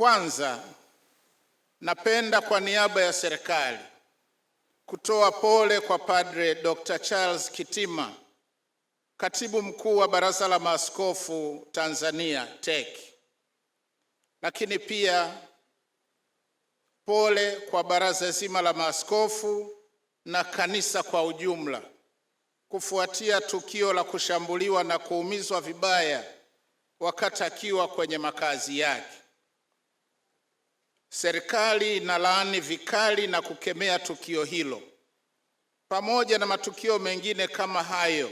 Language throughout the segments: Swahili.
Kwanza, napenda kwa niaba ya serikali kutoa pole kwa Padre Dr. Charles Kitima, katibu mkuu wa Baraza la Maaskofu Tanzania TEC, lakini pia pole kwa baraza zima la maaskofu na kanisa kwa ujumla kufuatia tukio la kushambuliwa na kuumizwa vibaya wakati akiwa kwenye makazi yake. Serikali inalaani vikali na kukemea tukio hilo pamoja na matukio mengine kama hayo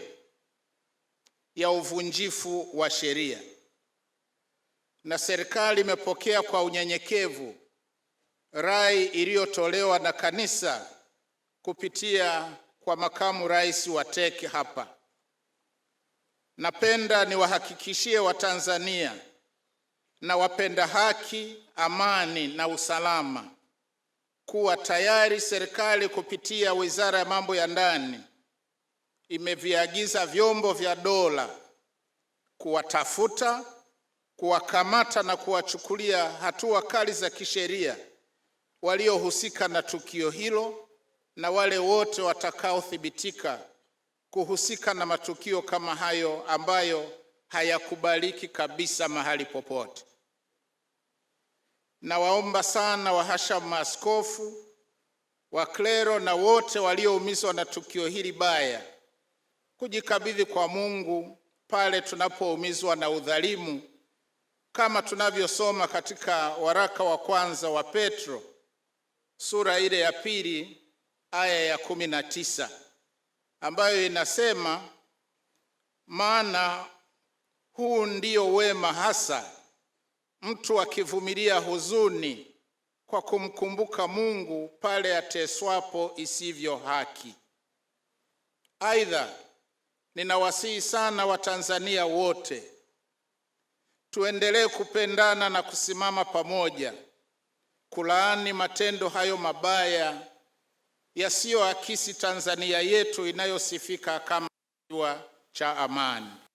ya uvunjifu wa sheria, na serikali imepokea kwa unyenyekevu rai iliyotolewa na kanisa kupitia kwa makamu rais wa TEC hapa. Napenda niwahakikishie Watanzania na wapenda haki, amani na usalama kuwa tayari serikali kupitia Wizara ya Mambo ya Ndani imeviagiza vyombo vya dola kuwatafuta, kuwakamata na kuwachukulia hatua kali za kisheria waliohusika na tukio hilo na wale wote watakaothibitika kuhusika na matukio kama hayo ambayo hayakubaliki kabisa mahali popote. Nawaomba sana wahashamu maaskofu, waklero na wote walioumizwa na tukio hili baya kujikabidhi kwa Mungu pale tunapoumizwa na udhalimu, kama tunavyosoma katika waraka wa kwanza wa Petro sura ile ya pili aya ya kumi na tisa ambayo inasema maana huu ndio wema hasa, mtu akivumilia huzuni kwa kumkumbuka Mungu pale ateswapo isivyo haki. Aidha, ninawasihi sana Watanzania wote tuendelee kupendana na kusimama pamoja kulaani matendo hayo mabaya yasiyoakisi Tanzania yetu inayosifika kama kisiwa cha amani.